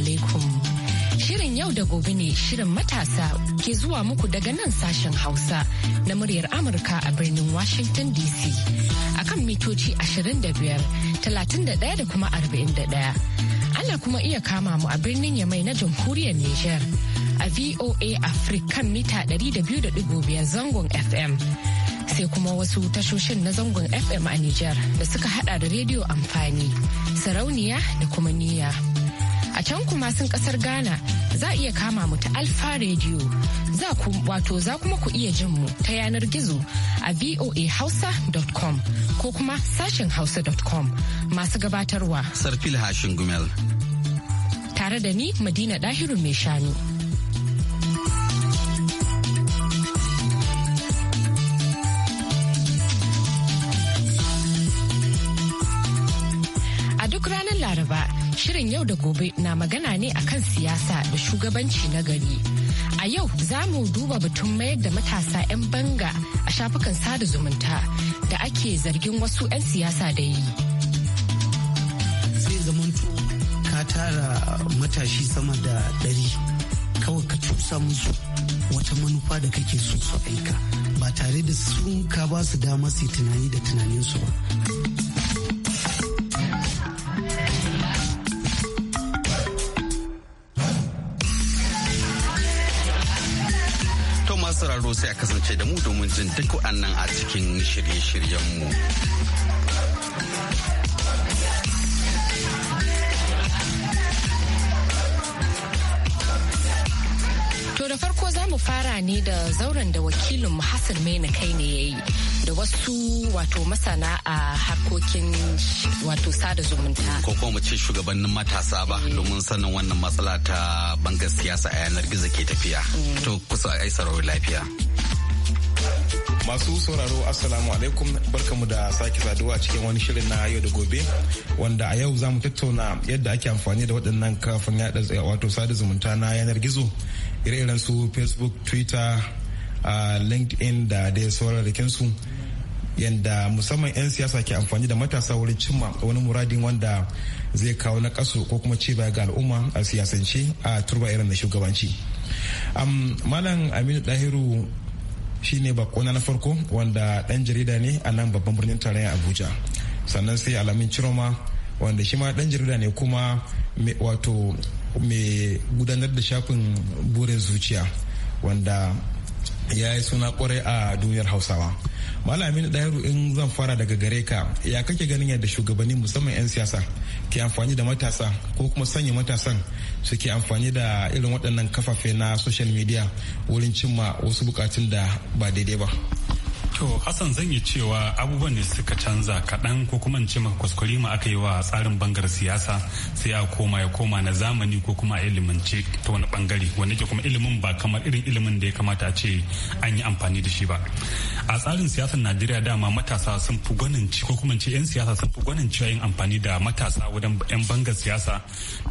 alaikum. Shirin yau da gobe ne shirin matasa ke zuwa muku daga nan sashen Hausa na muryar Amurka a birnin Washington DC akan mitoci 25, 31 da kuma 41. Ana kuma iya kama mu a birnin Yamai na jamhuriyar Nijar a VOA Africa kan mita 200.5 zangon FM. sai kuma wasu tashoshin na zangon FM a Nijar da suka hada da rediyo amfani, sarauniya da kuma niyya. A can kuma sun kasar Ghana za a iya kama mu ta Alfa Radio. Za ku wato za kuma ku iya jin mu ta yanar gizo a voahausa.com ko kuma sashen hausa.com masu gabatarwa. Sarfil Hashin Gumel. Tare da ni Madina Dahiru mai shanu. Shirin yau da gobe na magana ne akan siyasa da shugabanci na gari. A yau za mu duba batun mayar da matasa 'yan banga a shafukan sada zumunta da ake zargin wasu 'yan siyasa da yi. Sai zamanto ka tara matashi sama da ɗari kawai ka cusa musu wata manufa da kake so su aika ba tare da sun ka ba su dama su tunani da tunaninsu ba. sauraro sai a kasance da mu domin jin duk waɗannan a cikin shirye-shiryenmu. To da farko za mu fara ne da zauren da wakilin Hassan Maina kai ne ya yi. da wasu wato masana a harkokin wato sada zumunta. Ko kuma ce shugabannin matasa ba mm. domin sanin wannan matsala ta bangar siyasa a yanar gizo ke tafiya. Mm. To kusa ai lafiya. Masu sauraro Assalamu alaikum barkamu da sake saduwa cikin wani shirin na yau da gobe wanda a yau za mu tattauna yadda ake amfani da waɗannan kafin yaɗa wato sada zumunta na yanar gizo ire-iren su Facebook, Twitter, ah, LinkedIn da dai su yadda musamman 'yan siyasa ke amfani da matasa wurin cimma wani muradin wanda zai kawo na kasu ko kuma ci baya ga al'umma a siyasance a turba irin da shugabanci malam aminu dahiru shine bakona na farko wanda dan jarida ne a nan babban birnin tarayya abuja sannan sai alamin ciroma wanda shi ma dan jarida ne kuma wato mai gudanar da shafin burin zuciya wanda ya yi suna kwarai a duniyar hausawa Malamin Dahiru in zan fara daga gare ka ya kake ganin yadda shugabanni musamman 'yan siyasa ke amfani da matasa ko kuma sanya matasan suke amfani da irin waɗannan kafafe na social media wurin cimma wasu bukatun da ba daidai ba. To Hassan zan yi cewa abubuwan ne suka canza kaɗan ko kuma in ce maka kwaskwari ma aka yi wa tsarin bangar siyasa sai a koma ya koma na zamani ko kuma a ilimin ce ta wani bangare wanda ke kuma ilimin ba kamar irin ilimin da ya kamata a ce an yi amfani da shi ba. A tsarin siyasar Najeriya dama matasa sun fi gwanin ci ko kuma ce 'yan siyasa sun fi gwanin cewa yin amfani da matasa wajen 'yan bangar siyasa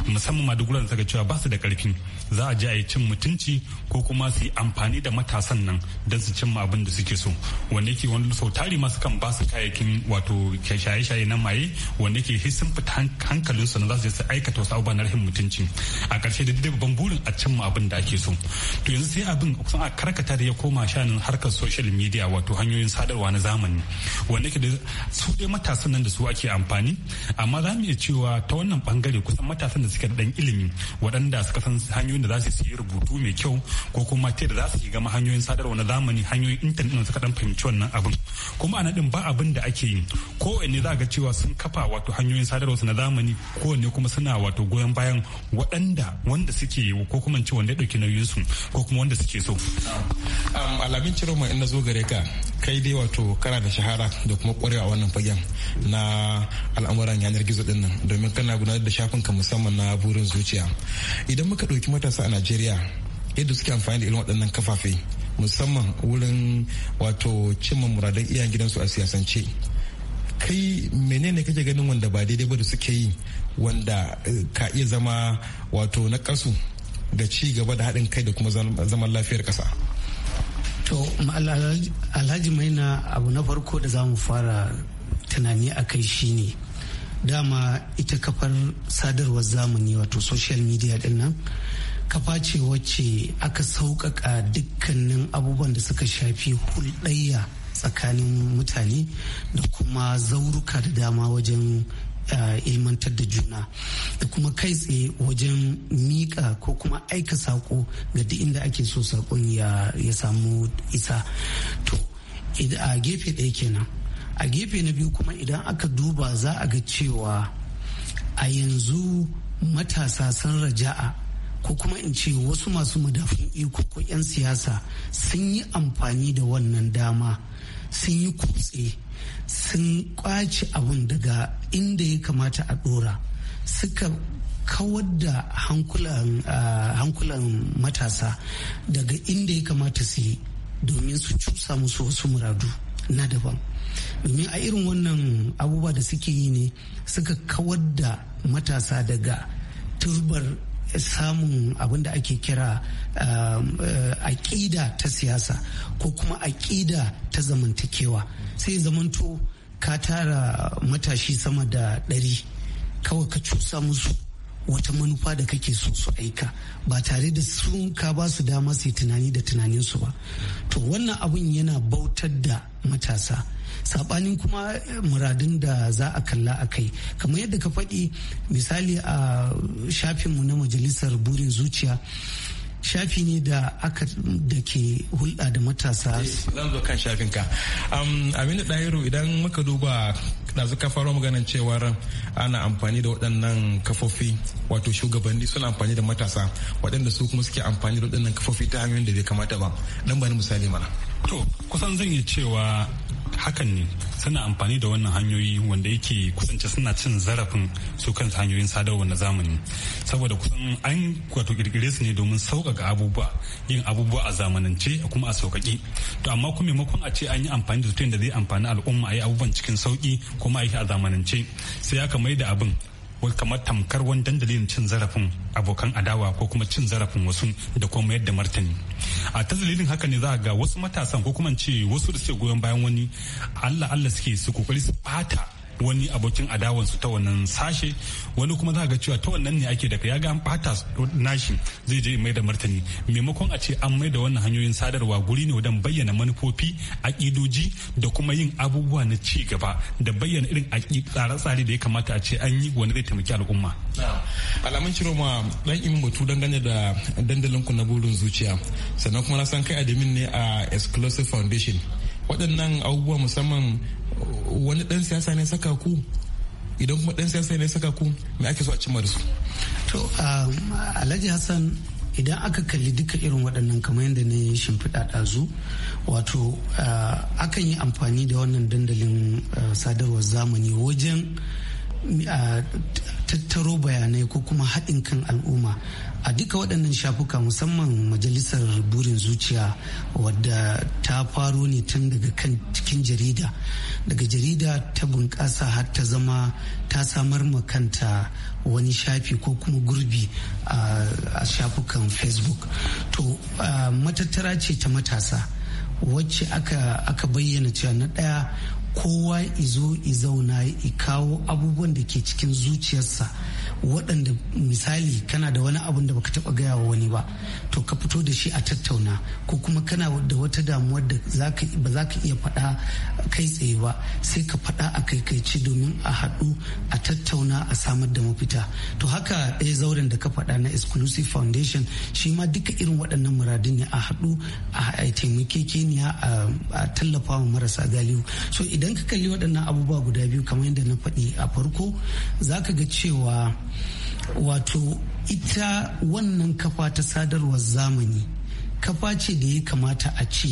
musamman ma duk saka cewa ba su da ƙarfi za a je a yi cin mutunci ko kuma su yi amfani da matasan nan don su cimma abin da suke so. wanda ke wani sau tari masu kan ba su kayayyakin wato shaye-shaye na maye wanda ke sun fita hankalinsu su na za su je su aikata wasu abubuwa na rahin mutunci a ƙarshe da dai babban burin a cimma abin da ake so to yanzu sai abin kusan a karkata da ya koma shanin harkar social media wato hanyoyin sadarwa na zamani wanda ke da su dai matasan nan da su ake amfani amma za mu iya cewa ta wannan bangare kusan matasan da suke da dan ilimi waɗanda suka san hanyoyin da za su yi rubutu mai kyau ko kuma ta da za su gama hanyoyin sadarwa na zamani hanyoyin intanet suka dan fahimci wannan abin kuma ana din ba abin da ake yi ko ne za ga cewa sun kafa wato hanyoyin sadarwa na zamani ko kowanne kuma suna wato goyon bayan waɗanda wanda suke ko kuma ce wanda ya nauyin su ko kuma wanda suke so. alamin ciro mai na zo gare ka kai dai wato kana da shahara da kuma kwarewa wannan fagen na al'amuran yanar gizo din nan domin kana gudanar da shafin ka musamman na burin zuciya idan muka ɗauki matasa a najeriya yadda suke amfani da irin waɗannan kafafe musamman wurin wato cimma muradan iyayen gidansu a siyasance kai menene kake ganin wanda ba daidai ba da suke yi wanda eh, ka iya zama wato na kasu da ci gaba da haɗin kai da kuma zaman lafiyar ƙasa. to alhaji maina abu na farko da za mu fara tunani a kai shine dama ita kafar sadarwar zamani wato social media din nan kafa ce wacce aka sauƙaƙa dukkanin abubuwan da suka shafi hulɗayya tsakanin mutane da kuma zauruka da dama wajen eh, ilmantar da juna da kuma kai tsaye wajen miƙa ko kuma aika saƙo ga duk inda ake so saƙon ya samu isa to a gefe ɗaya kenan a gefe na biyu kuma idan aka duba za a ga cewa a yanzu matasa sun raja'a ko kuma in ce wasu masu madafin iko ko 'yan siyasa sun yi amfani da wannan dama sun yi kutse sun kwace abun daga inda ya kamata a dora suka kawar da hankulan matasa daga inda ya kamata su yi domin su cusa musu wasu muradu na daban domin a irin wannan abubuwa da suke yi ne suka kawar da matasa daga turbar samun abin da ake kira um, eh, aƙida ta siyasa ko kuma aƙida ta zamantakewa sai zamanto ka tara matashi sama da ɗari kawai ka cusa musu wata manufa da kake so su aika ba tare da sun ka ba su dama su tunani da tunaninsu ba to wannan abin yana bautar da matasa sabanin kuma eh, muradun da za a kalla a kai kamar yadda ka faɗi misali a shafinmu na majalisar burin zuciya shafi ne da aka da ke hulɗa da matasa eh, zan zo kan shafinka aminu ɗayiru idan muka duba ɗazu ka faro maganin cewar ana amfani da waɗannan kafofi wato shugabanni suna amfani da matasa waɗanda su kuma suke amfani da waɗannan kafofi ta hanyoyin da bai kamata ba dan bani misali mana to kusan zan yi cewa hakan ne suna amfani da wannan hanyoyi wanda yake kusance suna cin zarafin su kansu hanyoyin sadarwa na zamani saboda kusan an wato kirkire su ne domin sauƙaƙa abubuwa yin abubuwa a zamanance kuma a sauƙaƙe to amma kuma maimakon a ce an yi amfani da tutun da zai amfani al'umma a yi abubuwan cikin sauƙi kuma a yi a zamanance sai aka mai da abin wai kamar tamkar wani dandalin cin zarafin abokan adawa ko kuma cin zarafin wasu da kuma mayar da martani a ta dalilin haka ne za a ga wasu matasan ko kuma ce wasu da suke goyon bayan wani allah allah suke su kokari su bata wani abokin su ta wannan sashe wani kuma za ga cewa ta wannan ne ake daga ya ga an bata nashi zai je mai da martani maimakon a ce an mai da wannan hanyoyin sadarwa guri ne wajen bayyana manufofi aƙidoji da kuma yin abubuwa na ci gaba da bayyana irin tsare-tsare da ya kamata a ce an yi wani zai taimaki al'umma. alamun ciro ma dan in batu dangane da dandalin ku na burin zuciya sannan kuma na san kai adamin ne a exclusive foundation waɗannan abubuwa musamman wani dan siyasa ne saka ku idan kuma dan siyasa ne saka ku me ake so a cimma da su to alhaji hassan idan aka kalli duka irin waɗannan kamar yadda na yi shimfiɗa ɗazu wato akan yi amfani da wannan dandalin sadarwar zamani wajen tattaro bayanai ko kuma haɗin kan al'umma a duka waɗannan shafuka musamman majalisar burin zuciya wadda ta faro ne tun daga kan cikin jarida daga jarida ta bunƙasa har ta zama ta samar ma kanta wani shafi ko kuma gurbi a shafukan facebook to matattara ce ta matasa wacce aka, aka bayyana cewa na ɗaya kowa izo i zauna i kawo abubuwan da ke cikin zuciyarsa waɗanda misali kana da wani abun da baka taɓa gaya wa wani ba to ka fito da shi a tattauna ko kuma kana da wata damuwar da ba za ka iya faɗa kai tsaye ba sai ka faɗa a kaikaici domin a haɗu a tattauna a samar da mafita to haka ɗaya zauren da ka faɗa na exclusive foundation shi ma duka irin waɗannan muradun ne a haɗu a taimakekeniya a tallafa wa marasa galihu so idan ka kalli waɗannan abubuwa guda biyu kamar yadda na faɗi a farko za ka ga cewa wato ita wannan kafa ta sadarwar zamani kafa ce da ya kamata a ce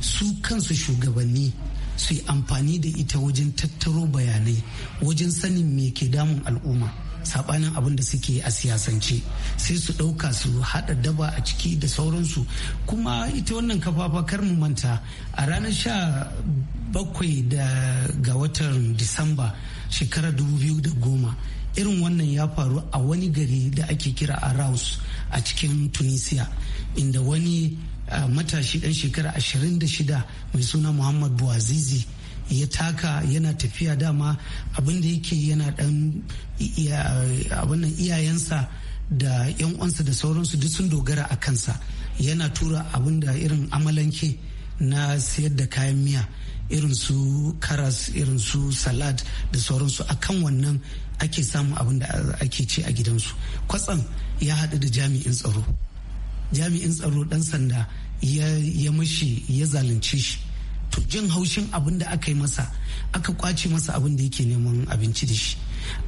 su kansu shugabanni su yi amfani da ita wajen tattaro bayanai wajen sanin me ke damun al'umma sabanin abin da suke a siyasance sai su ɗauka su haɗa daba a ciki da sauransu kuma ita wannan kafafa kar mu manta a ranar sha bakwai da ga watan disamba shekarar 2010 irin wannan ya faru a wani gari da ake kira a raus a cikin tunisia inda wani matashi dan shekara 26 mai suna muhammad buazizi ya taka yana tafiya dama abinda yake yana dan abinnan iyayensa da yan uwansa da sauransu duk sun dogara a kansa yana tura abinda irin amalanke na sayar da kayan miya irin su karas irin su salad da sauransu akan wannan ake samun abin da ake ce a gidansu kwatsam ya haɗu da jami'in tsaro jami'in tsaro ɗan sanda ya mashi ya zalunce shi to jin haushin abin da aka yi masa aka kwace masa abin da yake neman abinci da shi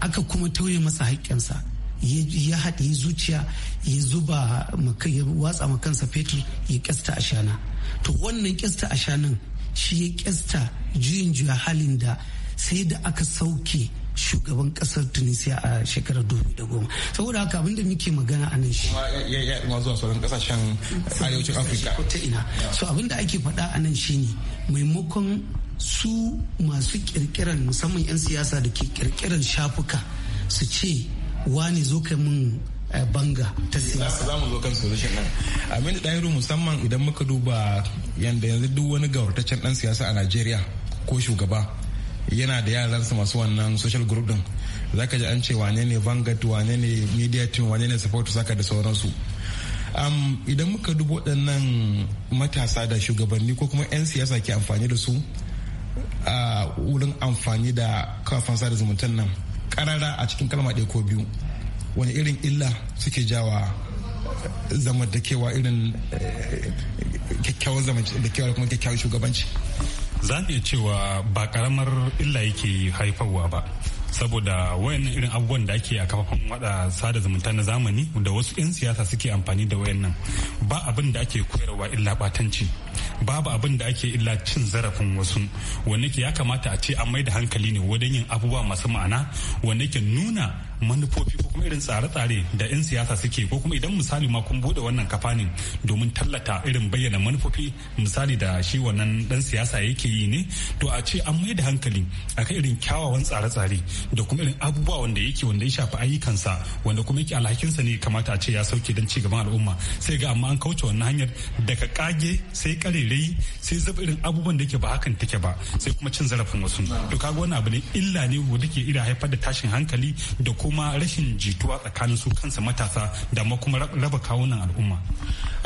aka kuma tauye masa haƙƙinsa ya haɗe zuciya ya zuba ya watsa makansa fetur ya kyasta a shana to wannan kyasta a shanan shi ya kyasta juyin juya halin da sai da aka sauke shugaban kasar tunisia a shekarar 2010 saboda haka abinda muke magana a nan shi ya zuwa sauran kasashen arewacin afirka so abinda ake faɗa a nan ne maimakon su masu kirkiran musamman 'yan siyasa da ke kirkiran shafuka su ce wani zo kai mun eh, banga ta siyasa za mu zo kan solution nan amin da ɗahiru musamman idan muka duba yanda yanzu duk wani gawartaccen ɗan siyasa a najeriya ko shugaba yana da yaransa masu wannan social group din zaka ji an ce wane ne vanguard wane ne media team wane ne support saka da sauransu um, idan muka dubo waɗannan matasa da shugabanni ko kuma 'yan siyasa ke amfani da su a wurin amfani da kafan sada zumuntan nan karara a cikin kalma ɗaya ko biyu wani irin illa suke jawa zamantakewa irin eh, kyakkyawan zamantakewa da kuma kyakkyawan shugabanci za mu iya cewa ba karamar illa yake haifarwa ba saboda wayannan irin abubuwan da ake a kafafen wada sada zumunta na zamani da wasu 'yan siyasa suke amfani da wayannan ba abin da ake koyarwa illa batanci babu abin da ake illa cin zarafin wasu wanda ke ya kamata a ce an mai da hankali ne wajen yin abubuwa masu ma'ana wanda ke nuna manufofi ko kuma irin tsare-tsare da 'yan siyasa suke ko kuma idan misali ma kun bude wannan kafa ne domin tallata irin bayyana manufofi misali da shi wannan dan siyasa yake yi ne to a ce an mai da hankali akan irin kyawawan tsare-tsare da kuma irin abubuwa wanda yake wanda ya shafi ayyukansa wanda kuma yake alhakinsa ne kamata a ce ya sauke don cigaban al'umma sai ga amma an kauce wannan hanyar daga kage sai karerai sai zaba irin abubuwan da yake ba hakan take ba sai kuma cin zarafin wasu to kaga wani abu ne illa ne wanda ke ira haifar da tashin hankali da ko kuma rashin jituwa tsakanin su kansa matasa da ma kuma raba kawunan al'umma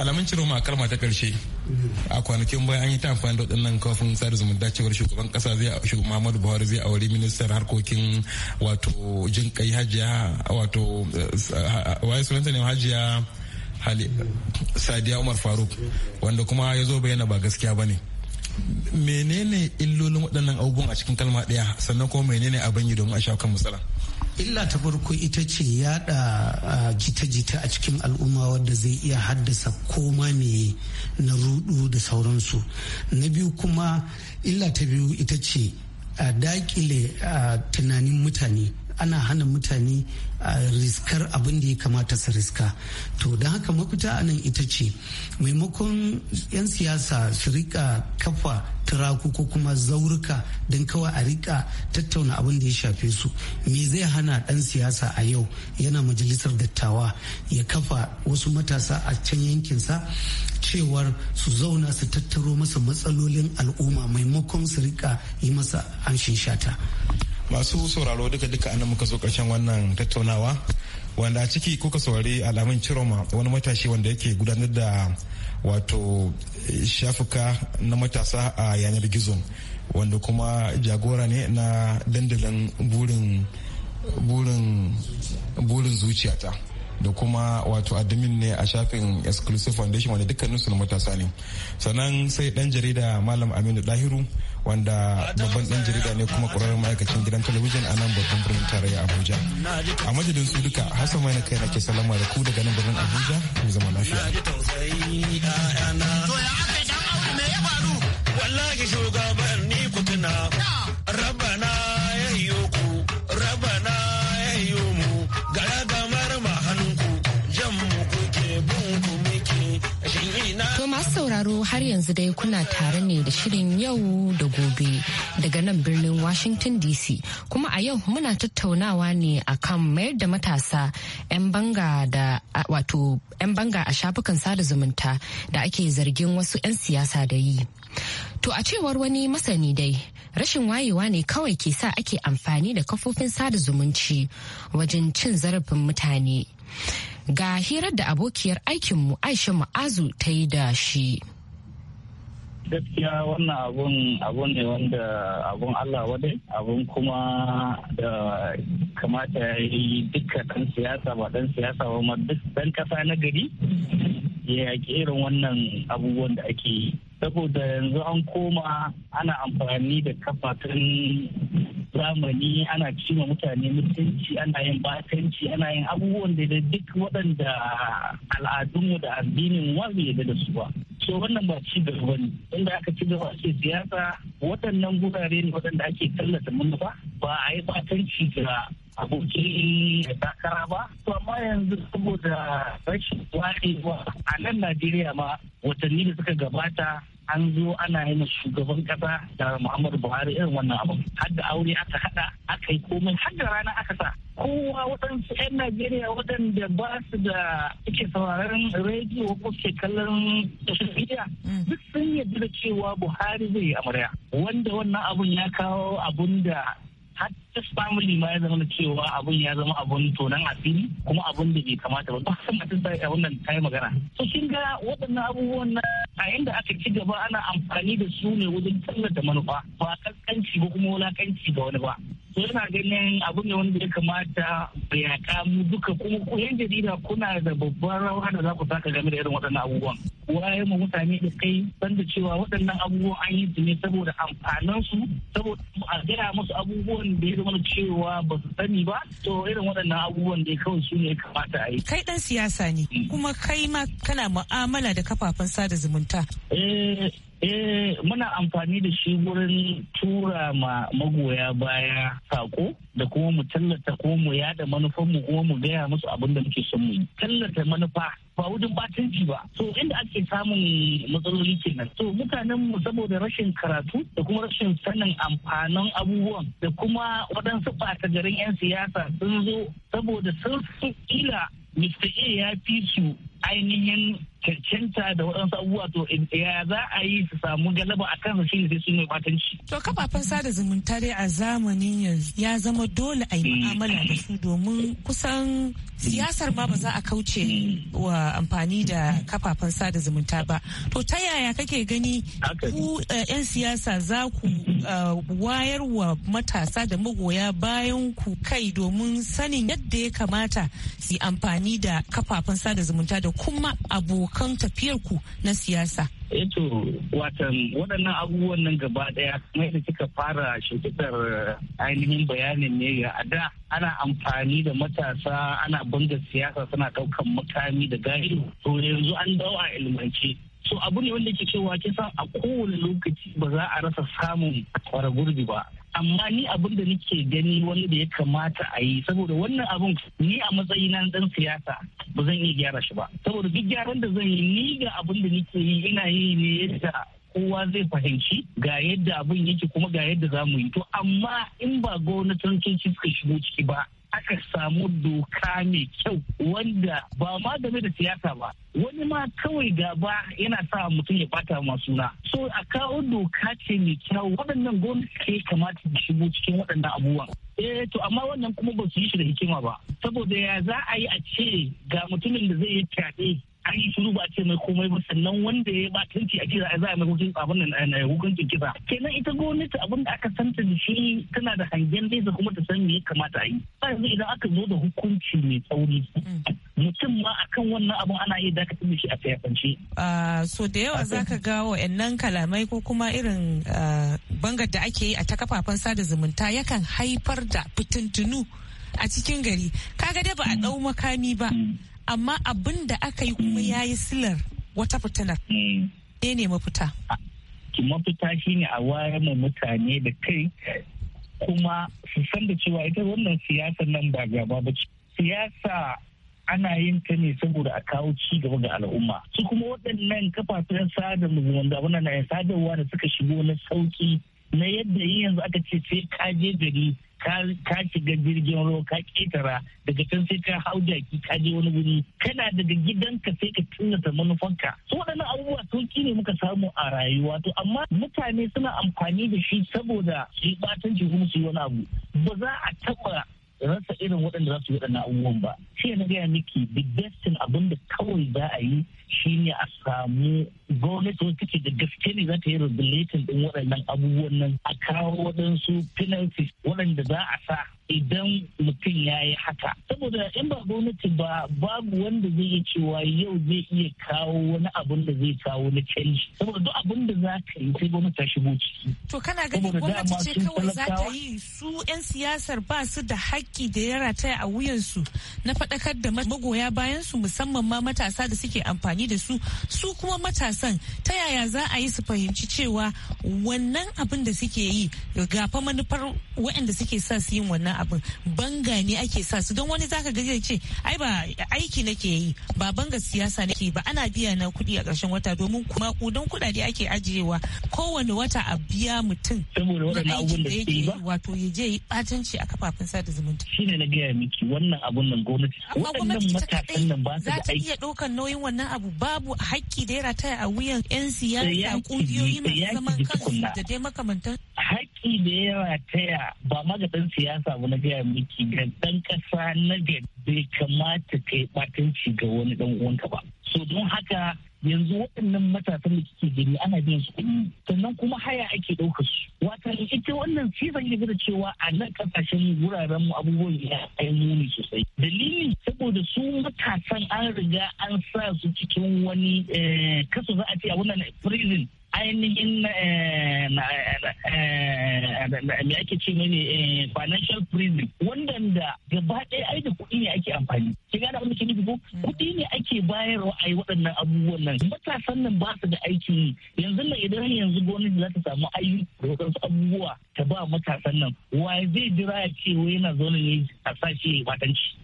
alamun ciro ma kalma ta karshe a kwanakin bayan an yi ta amfani da waɗannan kafin sada zumunta cewar shugaban kasa zai shugaban Muhammadu Buhari zai auri ministar harkokin wato jin kai hajiya wato eh, waye sunanta ne hajiya Sadiya Umar Faruk wanda kuma ya zo bayyana ba gaskiya ba ne. menene illolin waɗannan abubuwan a cikin kalma ɗaya sannan kuma menene abin yi domin a shawo kan matsala illa ta farko ita ce yada jita-jita a cikin al'umma wadda zai iya haddasa koma ne na rudu da sauransu na biyu kuma illa ta biyu ita ce a dakile tunanin mutane ana hana mutane riskar abin da ya kamata su riska to don haka mafita nan ita ce maimakon 'yan siyasa su rika kafa turaku ko kuma zaurika don kawai a rika tattauna abin da ya shafe su me zai hana dan siyasa a yau yana majalisar dattawa ya kafa wasu matasa a can yankinsa cewar su zauna su tattaro masa matsalolin al'umma maimakon su rika yi masa an shata masu sauraro duka duka nan muka zo karshen wannan tattaunawa wanda a ciki kuka saurari alamun ciroma wani matashi wanda yake gudanar da wato eh, shafuka na matasa a yanar gizo wanda kuma jagora ne na dandalin burin zuciyata da kuma wato admin ne a shafin exclusive foundation wanda dukkanin su na matasa ne sannan sai dan jarida malam aminu dahiru wanda babban dan jarida ne kuma ƙwararren ma'aikacin gidan talabijin a nan babban birnin tarayya abuja a majalin su duka hassan mai na kai na ke salama da ku daga nan birnin abuja ku zama lafiya. wallahi sauraro har yanzu dai kuna tare ne da shirin yau da gobe daga nan birnin Washington DC. Kuma a yau muna tattaunawa ne akan mayar da matasa 'yan banga da wato 'yan banga a shafukan sada zumunta da ake zargin wasu 'yan siyasa da yi. To a cewar wani masani dai rashin wayewa ne kawai ke sa ake amfani da kafofin sada zumunci wajen cin zarafin mutane. ga hirar da abokiyar aikinmu aisha ma'azu ta yi da shi gaskiya wannan abun abun ne wanda abun Allah wadai abun kuma da kamata ya yi duka dan siyasa ba dan siyasa ba ma duk dan kasa na gari ya yaki irin wannan abubuwan da ake yi saboda yanzu an koma ana amfani da kafafen zamani ana cima mutane mutunci ana yin bakanci ana yin abubuwan da duk waɗanda al'adun da addinin wani bai da su ba so wannan ba ci gaba ne inda aka ci gaba ake siyasa waɗannan gurare ne waɗanda ake tallata manufa ba a yi bakanci ga aboki takara ba to amma yanzu saboda rashin warewa a nan najeriya ma watanni da suka gabata an zo ana yin shugaban kasa da muhammadu buhari irin wannan abu har da aure aka hada aka yi komai har rana aka sa kowa waɗansu 'yan najeriya waɗanda ba su da suke sauraron rediyo ko suke kallon social media mm. duk sun yi da cewa buhari zai yi amarya wanda wannan abun ya kawo abun da duk family ma ya zama da cewa abun ya zama abun tonan asiri kuma abun da bai kamata ba ba san mutum sai abun nan kai magana to kin ga waɗannan abubuwan na a inda aka ci gaba ana amfani da su ne wajen tallata manufa ba kaskanci ba kuma wulakanci ga wani ba to yana ganin abun ne wanda ya kamata ya kamu duka kuma yan jarida kuna da babban rawa da za ku taka game da irin waɗannan abubuwan waye mu mutane da kai san da cewa waɗannan abubuwan an yi su ne saboda amfanin su saboda a gina musu abubuwan da ya zama cewa ba su sani ba to irin waɗannan abubuwan da kawai su ne kamata a yi. Kai ɗan siyasa ne mm. kuma kai ma kana mu'amala da kafafen sada zumunta. Eh, Eh muna amfani da shi wurin tura ma magoya baya sako da kuma mu tallata ko mu yada mu kuma mu gaya musu abin da muke son mu Tallata manufa ba wajen batanci ba so inda ake samun matsaloli kenan to mutanen mu saboda rashin karatu da kuma rashin sanin amfanin abubuwan da kuma waɗansu ɓata garin 'yan siyasa sun zo saboda sun kila Mr. A ya fi su ainihin cancanta da waɗansu abubuwa to eh, ya za a yi su samu galaba a kansa shi sai sun yi batanci. To kafafen sada zumunta dai a zamanin yanzu ya zama dole a yi mm. mu'amala da su domin kusan siyasar ma ba za a kauce wa amfani da kafafen sada zumunta ba. To ta yaya kake gani ku 'yan eh, siyasa za ku eh, wayar wa matasa da magoya bayan ku kai domin sanin yadda ya kamata su amfani da kafafen sada zumunta da kuma abokan tafiyar ku na siyasa eto eh watan waɗannan abubuwan nan gaba ɗaya kuma da kika fara shimfiɗar eh, ainihin bayanin ne a da ana amfani da matasa ana banga siyasa suna ɗaukan makami da gari to yanzu an dawo a ilmance so abu ne wanda ke cewa kisa a kowane lokaci ba za a rasa samun kwara gurbi ba amma ni abin da nake gani wani da ya kamata a yi saboda wannan abin ni a matsayi na dan siyasa ba zan iya gyara shi ba saboda duk gyaran da zan yi ni ga abin da nake yi ina yi ne yadda kowa zai fahimci ga yadda abin yake kuma ga yadda za mu yi to amma in ba gwamnatoci suka shigo ciki ba aka samu doka mai kyau wanda ba ma game da siyasa ba wani ma kawai gaba yana sa mutum ya bata ma suna so a kawo doka ce mai kyau waɗannan gwamnati kamata da shigo cikin waɗannan abubuwan eh to amma wannan kuma ba su yi shi da hikima ba saboda ya za a yi a ce ga mutumin da zai yi fyaɗe an yi shiru ba a ce mai komai ba sannan wanda ya ba a kira za a mai hukuncin abin nan eh, eh, hukuncin kisa kenan ita gwamnati abin da aka santa da shi tana da hangen nesa kuma ta san me ya kamata a yi yanzu idan aka zo da hukunci mai tsauri mutum ma akan wannan abin ana iya dakatar da shi a fayafance. Ah, so da yawa za ka ga wa'annan kalamai ko kuma irin ah, bangar da ake yi a ta kafafen sada zumunta yakan haifar da fitintunu a cikin gari kaga da ba a ɗau makami ba. Mm. amma abin da aka yi kuma ya yi silar wata fitinar ne hmm. ne mafita mafita shi ne a wayar ma mutane da kai kuma su san da cewa ita wannan siyasa nan ba gaba ba siyasa ana yin ta ne saboda a kawo ci gaba ga al'umma su kuma waɗannan kafafen sada zumunta wannan na sadarwa da suka shigo na sauki na yadda yin yanzu aka ce sai ka je gari ka shiga jirgin ruwa ka ketara daga can sai ka hau jaki ka je wani guri kana daga gidan ka sai ka tunata manufanka su waɗannan abubuwa sauki ne muka samu a rayuwa to amma mutane suna amfani da shi saboda su yi ɓatanci kuma su yi wani abu ba za a taɓa rasa irin waɗanda za su yi waɗannan abubuwan ba shi na gaya miki the best thing abin da kawai za a yi shi ne a samu gwamnati wata take da gaske ne za ta yi regulating ɗin waɗannan abubuwan nan a kawo waɗansu penalties waɗanda za a sa idan mutum ya yi haka saboda in ba gwamnati ba babu wanda zai yi cewa yau zai iya kawo wani abun da zai kawo na canji saboda duk abun da za ka yi sai gwamnati ta shigo ciki to kana ganin gwamnati ce kawai za ta yi su yan siyasar ba su da haƙƙi da ya rataya a wuyansu na faɗakar da magoya bayan su musamman ma matasa da suke amfani da su su kuma matasan ta yaya za a yi su fahimci cewa wannan abin da suke yi ga fa manufar waɗanda suke sa su yin wannan wannan abin banga ne ake sa su don wani zaka gaji ce ai ba aiki nake yi ba banga siyasa nake ba ana biya na kuɗi a ƙarshen wata domin kuma kudan kuɗaɗe ake ajiyewa kowane wata a biya mutum saboda waɗannan da yake wato ya je yi ɓatanci a kafafen sada zumunta shine na gaya miki wannan abun nan gwamnati waɗannan matakan nan ba su da aiki za ta iya ɗaukan nauyin wannan abu babu hakki da ya rataya a wuyan 'yan siyasa ƙungiyoyi masu zaman kansu da dai makamantan hakki da ya rataya ba ma ga siyasa ba abu na gaya miki ga dan kasa na da bai kamata ka yi batanci ga wani dan uwanka ba so don haka yanzu waɗannan matasan da kike gani ana biyan su kuɗi sannan kuma haya ake ɗaukar su wata ita wannan sifan ya da cewa a nan ƙasashen wuraren mu abubuwan ya yi muni sosai dalili saboda su matasan an riga an sa su cikin wani eh, kaso za a ce a wannan prison ainihin eh, eh, eh, me ake ce ne financial prison wanda gaba ɗaya ai da kuɗi ne ake amfani ki gane abin da ke nufi ko mm. kuɗi ne ake bayarwa a yi waɗannan abubuwan nan matasan nan ba su da aikin yi yanzu nan idan yanzu gwamnati za ta samu ayyukan abubuwa ta ba matasan nan wa zai jira ya ce yana zaune ne a sashe matanci?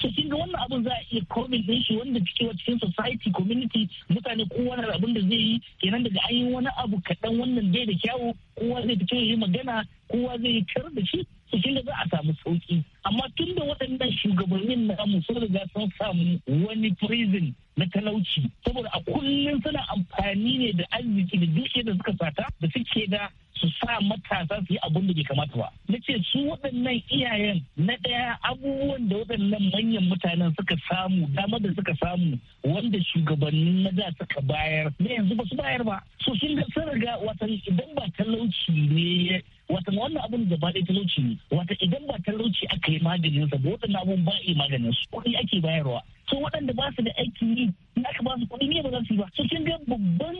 so kin ga wannan abun za a iya komin din shi wanda wa cikin society community mutane kowa na abin da zai yi kenan daga an yi wani abu kaɗan wannan bai da kyawu kowa zai fito yi magana kowa zai yi karar da shi cikin da za a samu sauki amma tun da waɗannan shugabannin na mu sun riga sun samu wani prison na talauci saboda a kullum suna amfani ne da arziki da duk da suka sata da suke da su sa matasa su yi abin da bai kamata ba na ce su waɗannan iyayen na ɗaya abubuwan da waɗannan manyan mutanen suka samu damar da suka samu wanda shugabannin na da suka bayar na yanzu ba su bayar ba su sun ga sun riga watan idan ba talauci ne wata wannan abun ba ɗaya talauci ne wata idan ba talauci aka yi maganin sa ba waɗannan abun ba a yi maganin su kuɗi ake bayarwa so waɗanda ba su da aikin yi na ka ba su kuɗi ne ba za su yi ba so kin ga babban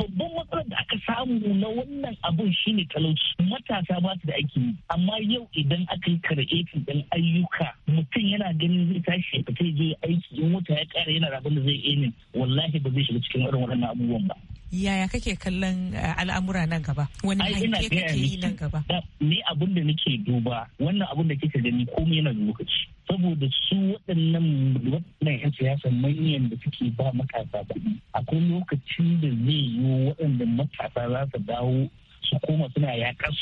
babban matsalar da aka samu na wannan abun shine talauci matasa ba su da aikin yi amma yau idan aka yi karɓe ɗan ayyuka mutum yana ganin zai tashi ya fita je aiki in wata ya ƙara yana rabin da zai enin wallahi ba zai shiga cikin irin waɗannan abubuwan ba yaya kake kallon eh, al'amura nan gaba wani hanke kake yi nan gaba ni abin da nake duba wannan abin da kika gani komai yana da lokaci saboda su waɗannan waɗannan 'yan siyasa manyan da suke ba matasa ba, akwai lokacin da zai yi waɗanda matasa za su dawo su koma suna yaƙar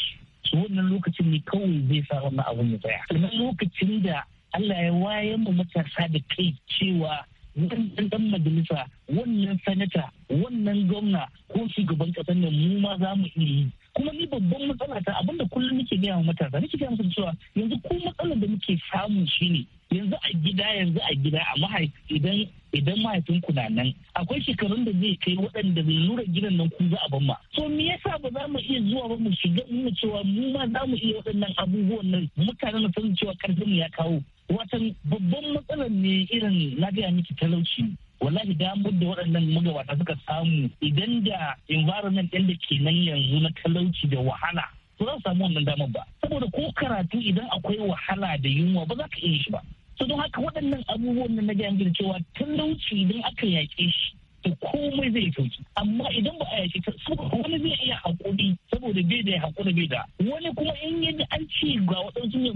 su wannan lokacin ne kawai zai sa wannan abin ya tsaya sannan lokacin da Allah ya wayan mu matasa da kai cewa wannan dan majalisa wannan sanata wannan gwamna ko shugaban ƙasar nan mu ma za mu iya yi kuma ni babban matsala ta abinda kullum nake gaya wa matasa nake gaya musu cewa yanzu ko matsalar da muke samu shine yanzu a gida yanzu a gida a idan idan mahaifin ku na nan akwai shekarun da zai kai waɗanda zai lura gidan nan ku za a ban ma so me yasa ba za mu iya zuwa ba mu shiga mu cewa mu ma za mu iya waɗannan abubuwan nan mutanen na san cewa karfin mu ya kawo watan babban matsalar ne irin na gaya miki talauci wallahi damar da waɗannan magabata suka samu idan da environment ɗin da ke nan yanzu na talauci da wahala ba za su samu wannan damar ba saboda ko karatu idan akwai wahala da yunwa ba za ka iya shi ba su don haka waɗannan abubuwan na gaya da cewa talauci idan aka yaƙe shi to komai zai sauki amma idan ba a yashe ta wani zai iya hakuri saboda bai da hakuri bai da wani kuma in ya ji an ce ga waɗansu ne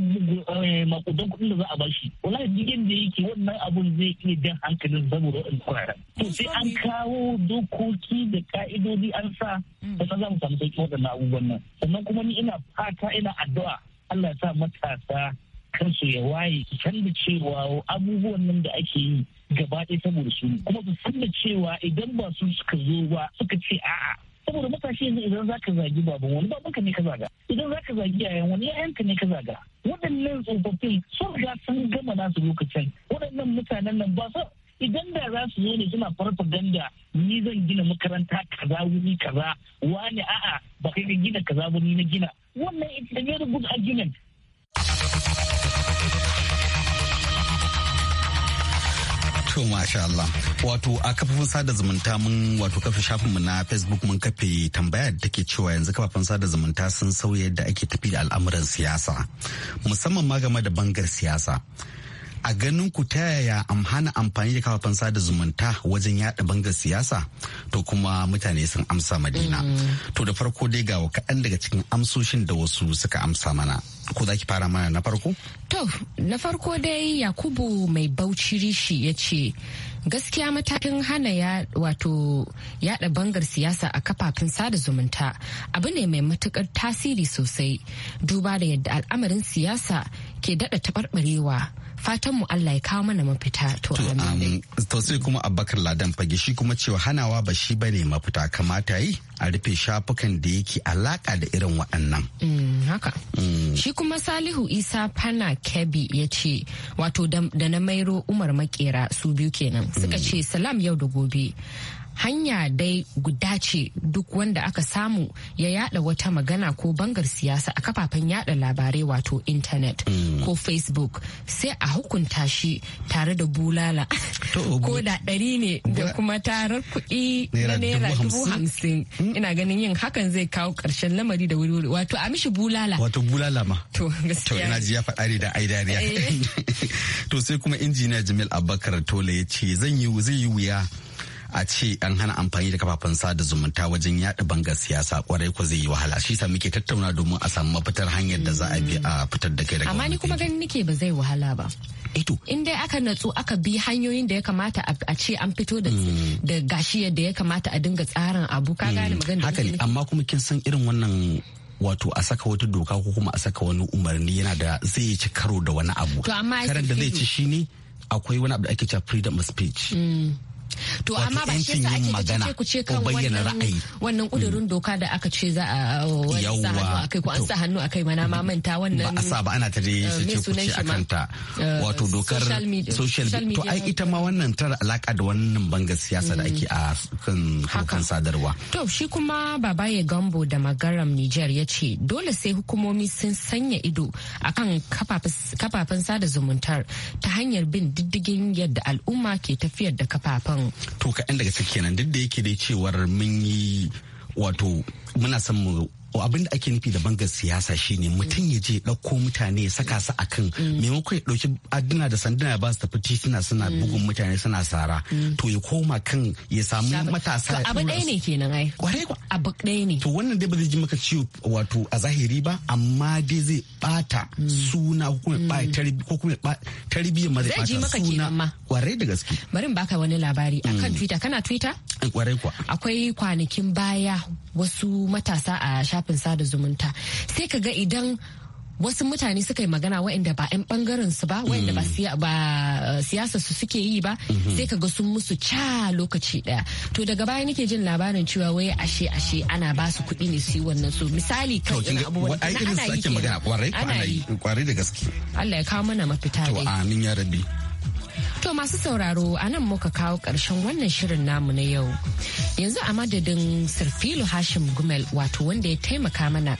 eh, makudan kuɗin da za a bashi wallahi digin da yake wannan abun zai iya jan hankalin saboda waɗansu kuraren to sai an kawo dokoki da ka'idodi an sa mm. sannan za mu samu sauki waɗannan abubuwan nan sannan kuma ni ina fata ina addu'a Allah ya sa matasa kansu ya waye su san da cewa abubuwan nan da ake yi gaba ɗaya saboda su kuma su san da cewa idan ba su suka zo ba suka ce a'a saboda matashi yanzu idan zaka zagi baban wani ka ne ka zaga idan zaka zagi yayan wani yayanka ne ka zaga waɗannan tsofaffin sun riga sun gama nasu lokacin waɗannan mutanen nan ba su idan da za su zo ne suna farfaganda ni zan gina makaranta kaza wuni kaza wani a'a ba kai gina kaza ba na gina wannan ita a very good argument To masha Allah. Wato a kafafin sada zumunta mun wato kafa mu na Facebook mun kafe tambaya da take cewa yanzu kafafen sada zumunta sun sauya yadda ake tafi da al'amuran siyasa. Musamman ma game da bangar siyasa. a ganin ku ta yaya am hana amfani da kafafen sada zumunta wajen yada bangar siyasa to kuma mutane sun amsa madina to da farko dai ga kaɗan daga cikin amsoshin da wasu suka amsa mana ko za ki fara mana na farko to na farko dai yakubu mai bauchi rishi ya ce gaskiya matakin hana ya wato yada bangar siyasa a kafafen sada zumunta abu ne mai matukar tasiri sosai duba da yadda al'amarin siyasa ke daɗa taɓarɓarewa fatan mu Allah ya kawo mana mafita to amin um, to sai kuma Abubakar Ladan fage shi kuma cewa hanawa ba shi bane mafita kamata yi a rufe shafukan da yake alaka da irin waɗannan mm, haka mm. shi kuma Salihu Isa Fana Kebi ya ce wato da na mairo Umar Makera su biyu kenan suka mm. ce salam yau da gobe hanya dai guda ce duk wanda aka samu ya yada wata magana ko bangar siyasa a kafafen yada labarai wato intanet mm. ko facebook sai a hukunta shi tare da bulala ko da ɗari ne da kuma tarar kuɗi na naira dubu hamsin mm. ina ganin yin hakan zai kawo ƙarshen lamari da wuri wato a mishi bulala wato bulala ma to gaskiya ina ji ya faɗa ne da aidariya eh. to sai kuma injiniya jamil abubakar tole ya ce zan yi wuya a ce an hana amfani da kafafen sada zumunta wajen yaɗa bangar siyasa kwarai ko zai yi wahala shi sa muke tattauna domin a samu mafitar hanyar da za a bi a fitar da kai daga amma ni kuma ganin nake ba zai wahala ba Ito. Eh In dai aka natsu aka bi hanyoyin da ya kamata a ce an fito mm. da gashi yadda ya kamata a dinga tsarin abu ka gane mm. magana Haka ne amma kuma kin san irin wannan wato a saka wata doka ko kuma a saka wani umarni yana da zai ci karo da wani abu. To da zai ci shine akwai wani abu da ake cewa freedom of speech. Mm. To amma ba shi sa ake magana ku ce kan bayyana ra'ayi. Wannan kudurin mm. doka da aka ce za a sa hannu akai ko an sa hannu akai mana ma manta wannan. Ba a sa ba ana ta dai eh, ce ku ce a kanta eh, Wato dokar social media. To ai ita ma wannan tara alaka da wannan bangar siyasa da ake a mm. kan harkar sadarwa. To shi kuma Babaye Gambo da Magaram Niger ya ce dole sai hukumomi sun sanya ido akan kafafen sada zumuntar ta hanyar bin diddigin yadda al'umma ke tafiyar da kafafen to kaɗan daga ciki kenan duk da yake da cewar mun yi wato muna son mu abin da ake nufi da bangar siyasa shine mutum ya je ɗauko mutane ya saka su a kan mm. maimakon ya ɗauki aduna da sanduna ya ba su tafi titina suna mm. bugun mutane suna sara mm. to ya koma kan ya samu matasa abu ɗaya ne kenan ai kwarai kwa abu ɗaya ne to wannan dai ba zai ji maka ciwo wato a zahiri ba amma dai zai bata suna ko kuma ba ko kuma tarbiyyar ma zai bata suna kwarai da gaske bari mu baka wani labari akan twitter kana twitter kwarai kwa akwai kwanakin baya wasu matasa a shafin sada zumunta sai ka ga idan wasu mutane suka yi magana waɗanda ba 'yan bangaren su ba waɗanda ba mm. eh, siyasa su suke yi ba mm-hmm. sai ka ga sun musu ca lokaci ɗaya to daga baya nake jin labarin cewa wai ashe ashe ana ba su kuɗi ne su yi wannan so misali kan abubuwan ana yi kwarai da gaske Allah ya kawo mana mafita dai to amin ya rabbi To masu sauraro a nan muka kawo ƙarshen wannan shirin namu na yau. Yanzu a madadin Sirfilu Hashim Gumel wato wanda ya taimaka mana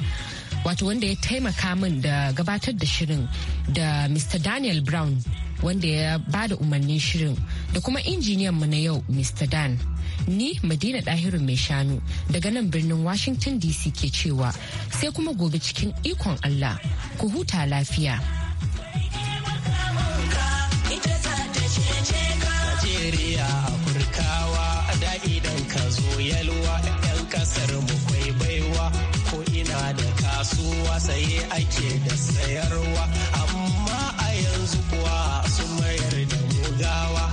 wato wanda ya taimaka min da gabatar da shirin da Mr. Daniel Brown wanda ya ba da umarnin shirin da kuma injiniyan mu na yau Mr. Dan. Ni Madina Dahiru mai shanu daga nan birnin Washington DC ke cewa sai kuma gobe cikin ikon Allah ku huta lafiya. zo yalwa yan kasar mu kwai baiwa ko ina da kasuwa saye ake da sayarwa amma a yanzu kuwa su mayar da gawa